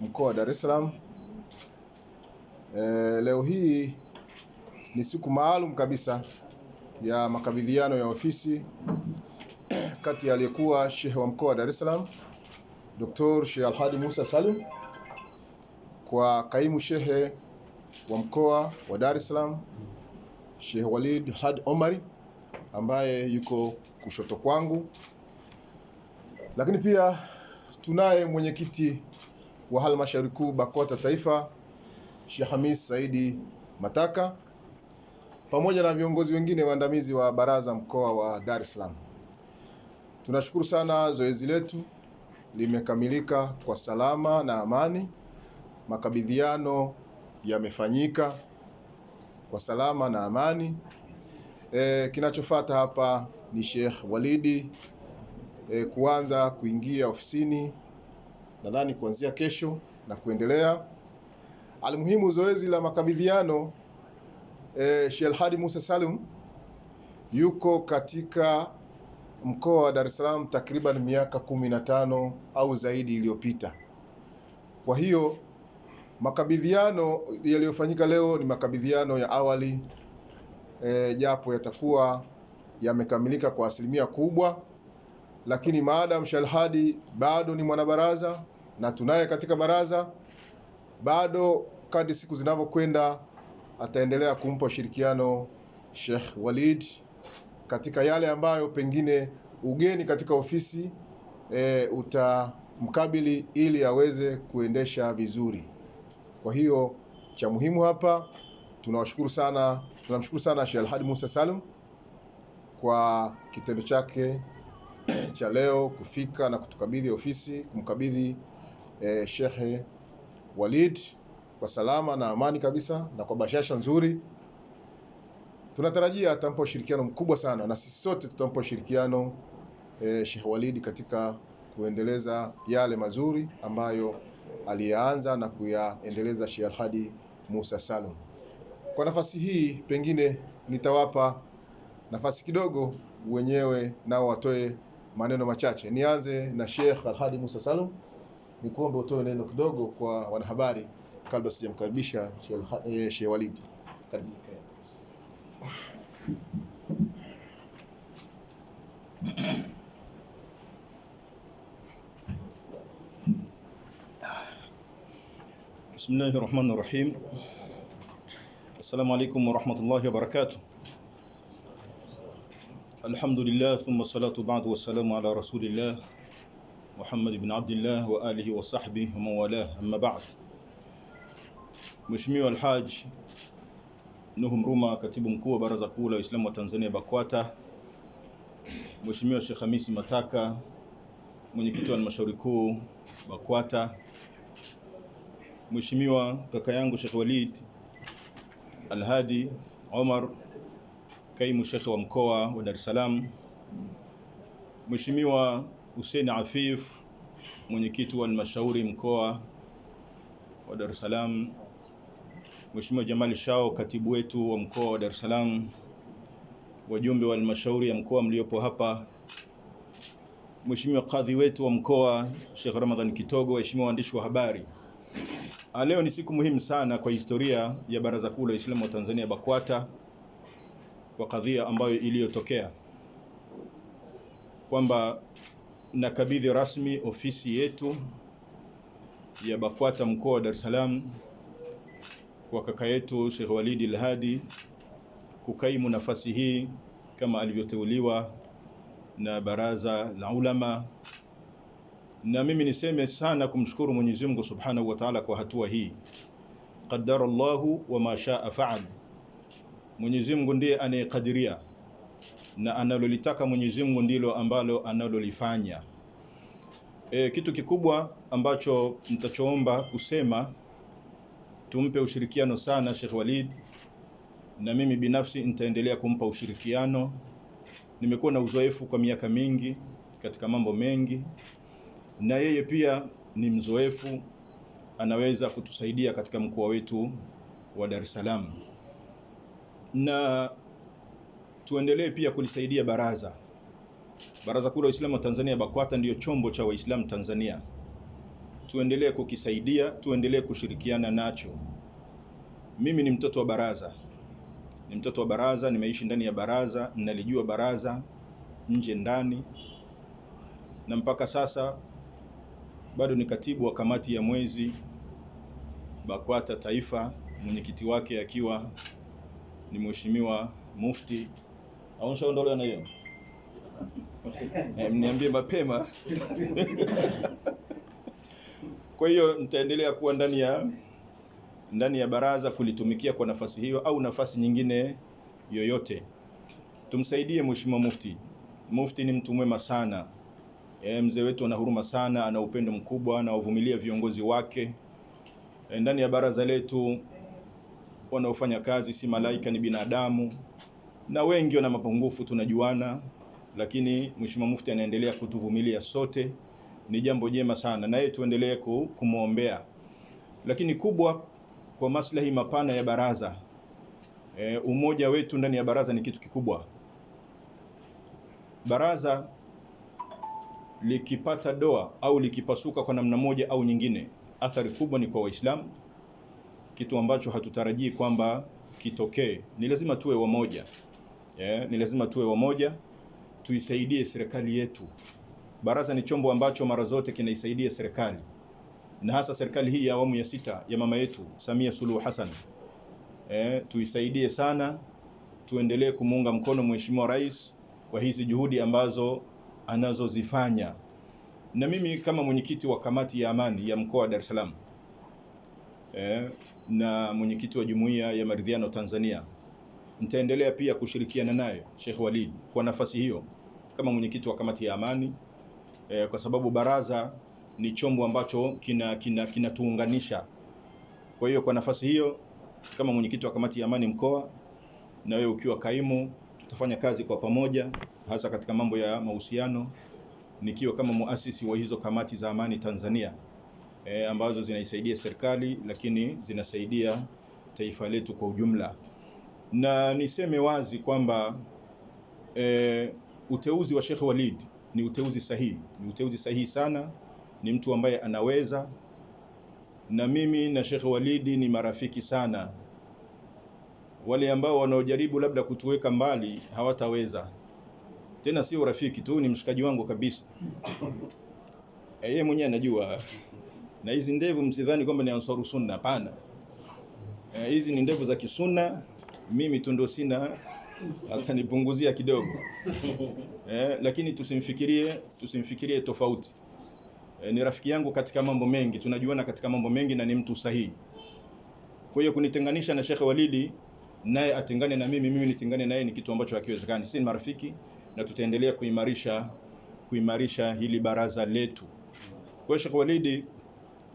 Mkoa wa Dar es Salaam. E, leo hii ni siku maalum kabisa ya makabidhiano ya ofisi kati ya aliyekuwa shehe wa mkoa wa Dar es Salaam Dr. Sheikh Alhadi Musa Salim kwa kaimu shehe wa mkoa wa Dar es Salaam Sheikh Walid Had Omari ambaye yuko kushoto kwangu, lakini pia Tunaye mwenyekiti wa halmashauri kuu BAKWATA Taifa, Sheikh Hamis Saidi Mataka pamoja na viongozi wengine waandamizi wa baraza mkoa wa Dar es Salaam. Tunashukuru sana, zoezi letu limekamilika kwa salama na amani. Makabidhiano yamefanyika kwa salama na amani. E, kinachofuata hapa ni Sheikh Walidi e, kuanza kuingia ofisini nadhani kuanzia kesho na kuendelea. Almuhimu, zoezi la makabidhiano e, Sheikh Hadi Musa Salum yuko katika mkoa wa Dar es Salaam takriban miaka kumi na tano au zaidi iliyopita. Kwa hiyo makabidhiano yaliyofanyika leo ni makabidhiano ya awali e, japo e, yatakuwa yamekamilika kwa asilimia kubwa lakini maadam Shalhadi bado ni mwanabaraza na tunaye katika baraza, bado kadri siku zinavyokwenda ataendelea kumpa ushirikiano Sheikh Walid katika yale ambayo pengine ugeni katika ofisi e, utamkabili ili aweze kuendesha vizuri. Kwa hiyo cha muhimu hapa tunawashukuru sana, tunamshukuru sana Sheikh Alhadi Musa Salum kwa kitendo chake Eh, cha leo kufika na kutukabidhi ofisi, kumkabidhi eh, shehe Walid kwa salama na amani kabisa na kwa bashasha nzuri. Tunatarajia atampa ushirikiano mkubwa sana na sisi sote tutampa ushirikiano eh, shehe Walid katika kuendeleza yale mazuri ambayo aliyaanza na kuyaendeleza Sheikh Alhadi Musa Salum. Kwa nafasi hii pengine nitawapa nafasi kidogo wenyewe nao watoe maneno machache. Nianze na Sheikh Alhadi Musa Salum, nikuombe utoe neno kidogo kwa wanahabari kabla sijamkaribisha Sheikh eh, Walid. Karibu. بسم الله الرحمن الرحيم السلام عليكم ورحمة الله وبركاته alhamdulillah thumma salatu ba'du wa salamu ala rasulillah Muhammad ibn Abdullah wa alihi wa sahbihi wa mawala amma ba'd Mheshimiwa Alhaj Nuhu Mruma katibu mkuu wa Baraza Kuu la Waislamu wa Tanzania BAKWATA Mheshimiwa Sheikh Hamisi Mataka mwenyekiti wa halmashauri kuu BAKWATA Mheshimiwa kaka yangu Sheikh Walid Alhadi Omar Kaimu Shekhe wa Mkoa wa Dar es Salaam, Mheshimiwa Hussein Afif, mwenyekiti wa halmashauri mkoa wa Dar es Salaam, Mheshimiwa Jamal Shao, katibu wetu wa mkoa wa Dar es Salaam, wajumbe wa halmashauri ya mkoa mliopo hapa, Mheshimiwa kadhi wetu wa mkoa Sheikh Ramadhan Kitogo, waheshimiwa waandishi wa habari, ah, leo ni siku muhimu sana kwa historia ya Baraza Kuu la Waislamu wa Tanzania BAKWATA kwa kadhia ambayo iliyotokea kwamba nakabidhi rasmi ofisi yetu ya BAKWATA mkoa wa Dar es Salaam kwa kaka yetu Sheikh walidi al kukaimu nafasi hii kama alivyoteuliwa na baraza la ulama. Na mimi niseme sana kumshukuru Mwenyezi Mungu Subhanahu wa Ta'ala kwa hatua hii, qaddara Allahu wa ma shaa faal. Mwenyezi Mungu ndiye anayekadiria na analolitaka Mwenyezi Mungu ndilo ambalo analolifanya. E, kitu kikubwa ambacho mtachoomba kusema tumpe ushirikiano sana Sheikh Walid, na mimi binafsi nitaendelea kumpa ushirikiano. Nimekuwa na uzoefu kwa miaka mingi katika mambo mengi, na yeye pia ni mzoefu, anaweza kutusaidia katika mkoa wetu wa Dar es Salaam na tuendelee pia kulisaidia baraza Baraza Kuu la Waislamu wa Tanzania BAKWATA ndiyo chombo cha Waislamu Tanzania. Tuendelee kukisaidia, tuendelee kushirikiana nacho. Mimi ni mtoto wa baraza, ni mtoto wa baraza, nimeishi ndani ya baraza, nalijua baraza nje ndani, na mpaka sasa bado ni katibu wa kamati ya mwezi BAKWATA taifa, mwenyekiti wake akiwa ni mheshimiwa mufti au nishaondolewa na hiyo eh, mniambie mapema kwa hiyo nitaendelea kuwa ndani ya ndani ya baraza kulitumikia kwa nafasi hiyo au nafasi nyingine yoyote tumsaidie mheshimiwa mufti mufti ni mtu mwema sana e, mzee wetu ana huruma sana ana upendo mkubwa anawavumilia viongozi wake e, ndani ya baraza letu wanaofanya kazi si malaika, ni binadamu, na wengi wana mapungufu, tunajuana, lakini Mheshimiwa Mufti anaendelea kutuvumilia sote, ni jambo jema sana, na yeye tuendelee kumwombea. Lakini kubwa kwa maslahi mapana ya baraza e, umoja wetu ndani ya baraza ni kitu kikubwa. Baraza likipata doa au likipasuka kwa namna moja au nyingine, athari kubwa ni kwa Waislamu kitu ambacho hatutarajii kwamba kitokee. Ni lazima tuwe wamoja yeah, ni lazima tuwe wamoja, tuisaidie serikali yetu. Baraza ni chombo ambacho mara zote kinaisaidia serikali na hasa serikali hii ya awamu ya sita ya mama yetu Samia Suluhu Hassan. Eh, tuisaidie sana, tuendelee kumuunga mkono Mheshimiwa Rais kwa hizi juhudi ambazo anazozifanya. Na mimi kama mwenyekiti wa kamati ya amani ya mkoa wa Dar es Salaam eh, na mwenyekiti wa jumuiya ya maridhiano Tanzania. Nitaendelea pia kushirikiana naye Sheikh Walid kwa nafasi hiyo kama mwenyekiti wa kamati ya amani eh, kwa sababu baraza ni chombo ambacho kinatuunganisha kina, kinatuunganisha. kwa hiyo kwa nafasi hiyo kama mwenyekiti wa kamati ya amani mkoa na wewe ukiwa kaimu, tutafanya kazi kwa pamoja, hasa katika mambo ya mahusiano, nikiwa kama muasisi wa hizo kamati za amani Tanzania e, ambazo zinaisaidia serikali lakini zinasaidia taifa letu kwa ujumla. Na niseme wazi kwamba e, uteuzi wa Sheikh Walid ni uteuzi sahihi, ni uteuzi sahihi sana, ni mtu ambaye anaweza. Na mimi na Sheikh Walid ni marafiki sana. Wale ambao wanaojaribu labda kutuweka mbali hawataweza tena. Sio rafiki tu, ni mshikaji wangu kabisa. Eh, yeye mwenyewe anajua na hizi ndevu msidhani kwamba ni ansaru sunna, hapana. Eh, hizi e, ni ndevu za kisunna. Mimi tu ndo sina, atanipunguzia kidogo e, lakini tusimfikirie, tusimfikirie tofauti e, ni rafiki yangu katika mambo mengi, tunajuana katika mambo mengi na ni mtu sahihi. Kwa hiyo kunitenganisha na Sheikh Walidi naye atengane na mimi, mimi nitengane naye ni kitu ambacho hakiwezekani. si marafiki na tutaendelea kuimarisha kuimarisha hili baraza letu. Kwa hiyo Sheikh Walidi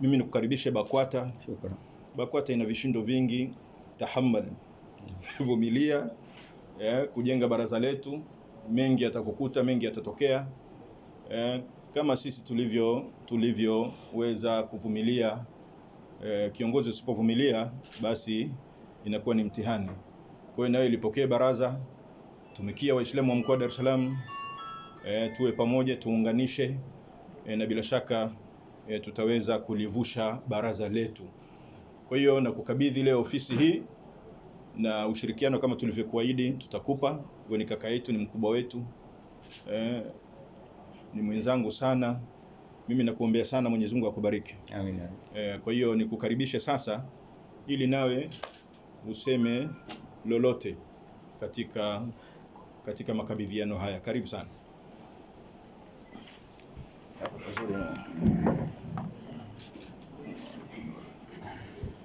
mimi nikukaribishe BAKWATA. Shukrani. BAKWATA ina vishindo vingi, tahammal, vumilia eh, kujenga baraza letu. Mengi yatakukuta, mengi yatatokea eh, kama sisi tulivyo tulivyoweza kuvumilia eh, kiongozi usipovumilia basi inakuwa ni mtihani. Kwa hiyo nayo ilipokee baraza, tumikia Waislamu wa mkoa wa Dar es Salaam, eh, tuwe pamoja, tuunganishe eh, na bila shaka e, tutaweza kulivusha baraza letu. Kwa hiyo na kukabidhi leo ofisi hii na ushirikiano kama tulivyokuahidi tutakupa. Huyo ni kaka yetu, ni mkubwa wetu e, ni mwenzangu sana. Mimi nakuombea sana Mwenyezi Mungu akubariki. Amina. E, eh, kwa hiyo nikukaribishe sasa ili nawe useme lolote katika katika makabidhiano haya. Karibu sana.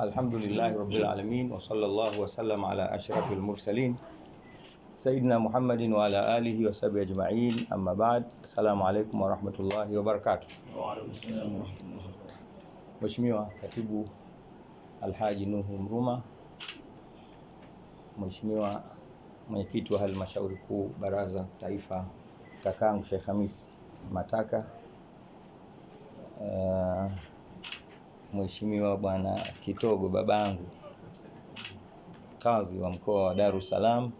الحمد لله رب إيه. العالمين وصلى الله وسلم على أشرف المرسلين سيدنا محمد وعلى آله وصحبه أجمعين أما بعد السلام عليكم ورحمة الله وبركاته وعليكم السلام ورحمة الله Mheshimiwa Katibu Alhaji Nuhu Mruma, Mheshimiwa Mwenyekiti wa Halmashauri Kuu Baraza Taifa kakangu Sheikh Hamis Mataka uh, Mheshimiwa Bwana Kitogo babangu kadhi wa mkoa wa Dar es Salaam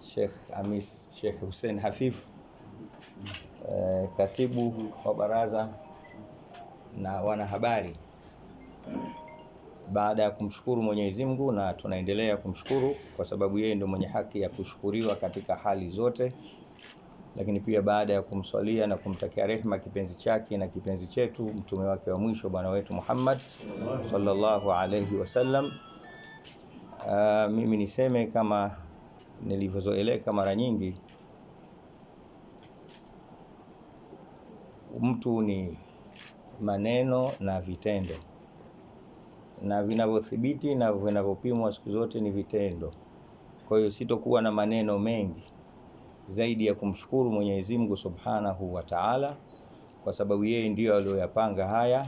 Sheikh Hamis Sheikh Hussein Hafifu e, eh, katibu wa baraza na wanahabari, baada ya kumshukuru Mwenyezi Mungu, na tunaendelea kumshukuru kwa sababu yeye ndio mwenye haki ya kushukuriwa katika hali zote lakini pia baada ya kumswalia na kumtakia rehma kipenzi chake na kipenzi chetu mtume wake wa mwisho bwana wetu Muhammad sallallahu alayhi wasallam. Uh, ah, mimi niseme kama nilivyozoeleka mara nyingi, mtu ni maneno na vitendo, na vinavyothibiti na vinavyopimwa siku zote ni vitendo. Kwa hiyo sitokuwa na maneno mengi zaidi ya kumshukuru Mwenyezi Mungu Subhanahu wa Ta'ala, kwa sababu yeye ndiyo aliyoyapanga haya.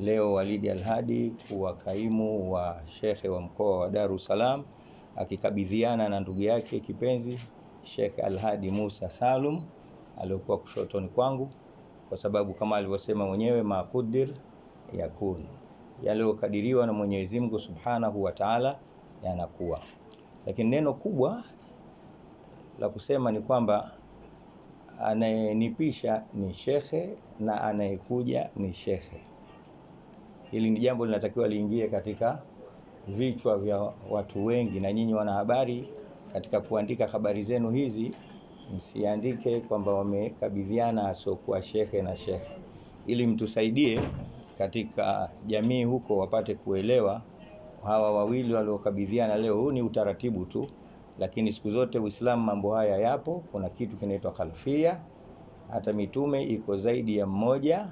Leo Walidi Alhadi kuwa kaimu wa shekhe wa mkoa wa Dar es Salaam akikabidhiana na ndugu yake kipenzi Shekhe Alhadi Musa Salum aliyokuwa kushotoni kwangu, kwa sababu kama alivyosema mwenyewe maqdir yakun, yaliyokadiriwa na Mwenyezi Mungu Subhanahu wa Ta'ala yanakuwa. Lakini neno kubwa la kusema ni kwamba anayenipisha ni shekhe na anayekuja ni shekhe. Hili ni jambo linatakiwa liingie katika vichwa vya watu wengi, na nyinyi wanahabari, katika kuandika habari zenu hizi msiandike kwamba wamekabidhiana asiokuwa shekhe na shekhe, ili mtusaidie katika jamii huko wapate kuelewa hawa wawili waliokabidhiana leo. Huu ni utaratibu tu. Lakini siku zote Uislamu mambo haya yapo. Kuna kitu kinaitwa khalfia. Hata mitume iko zaidi ya mmoja,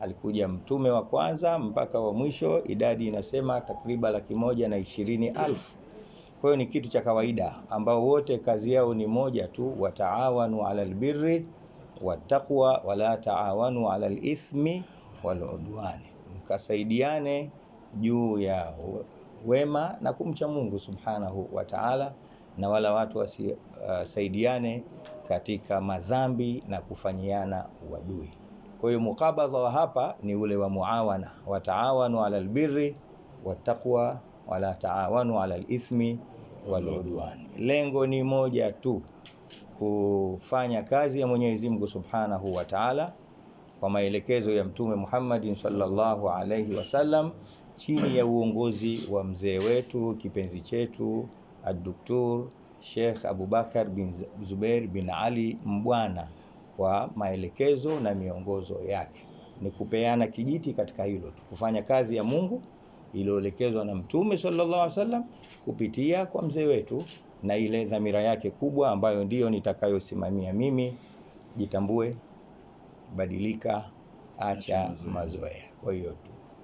alikuja mtume wa kwanza mpaka wa mwisho, idadi inasema takriban laki moja na ishirini alfu. Kwa hiyo ni kitu cha kawaida ambao wote kazi yao ni moja tu, wataawanu ala albirri wattaqwa wala taawanu ala alithmi waludwani, mkasaidiane juu ya wema na kumcha Mungu subhanahu wa taala na wala watu wasisaidiane uh, katika madhambi na kufanyiana uadui. Kwa hiyo mukabadha wa hapa ni ule wa muawana, wataawanu ala albirri wattaqwa wala taawanu ala alithmi waludwan. Lengo ni moja tu, kufanya kazi ya Mwenyezi Mungu Subhanahu wa Ta'ala kwa maelekezo ya Mtume Muhammad sallallahu alayhi wasallam chini ya uongozi wa mzee wetu kipenzi chetu Dr. doktor Sheikh Abubakar bin Zubair bin Ali Mbwana kwa maelekezo na miongozo yake. Ni kupeana kijiti katika hilo tu, kufanya kazi ya Mungu iliyoelekezwa na Mtume sallallahu alaihi wasallam kupitia kwa mzee wetu, na ile dhamira yake kubwa ambayo ndiyo nitakayosimamia mimi: jitambue, badilika, acha mazoea. Kwa hiyo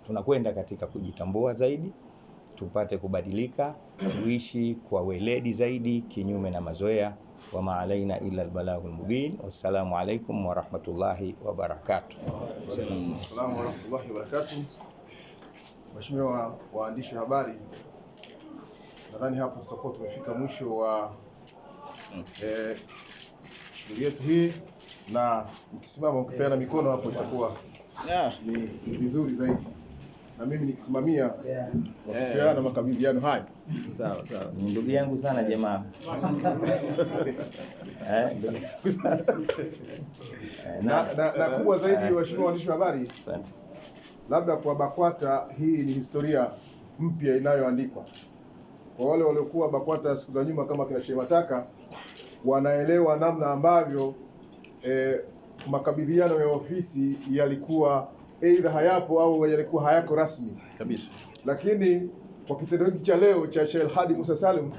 tunakwenda katika kujitambua zaidi tupate kubadilika, tuishi kwa weledi zaidi, kinyume na mazoea. Wama alaina illa albalaghul mubin. Wassalamu alaikum warahmatullahi wabarakatuh. Wassalamu waandishi wa habari, nadhani hapo tutakuwa tumefika mwisho wa eh, shughuli yetu hii, na mkisimama mkipeana mikono hapo itakuwa ni vizuri zaidi na mimi nikisimamia yeah. yeah. na makabiliano haya. Sawa sawa, ndugu yangu sana jamaa eh? na, na, na kubwa zaidi, eh. waheshimiwa waandishi wa habari, labda kwa BAKWATA hii ni historia mpya inayoandikwa kwa wale waliokuwa BAKWATA siku za nyuma kama kina Shemataka wanaelewa namna ambavyo eh, makabidhiano ya ofisi yalikuwa aidha hayapo au yalikuwa hayako rasmi kabisa. Lakini kwa kitendo hiki cha leo cha Sheikh Hadi Musa Salim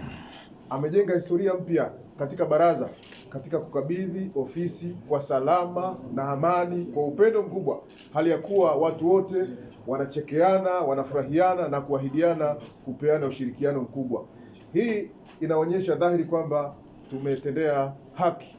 amejenga historia mpya katika baraza katika kukabidhi ofisi kwa salama na amani kwa upendo mkubwa, hali ya kuwa watu wote wanachekeana, wanafurahiana na kuahidiana kupeana ushirikiano mkubwa. Hii inaonyesha dhahiri kwamba tumetendea haki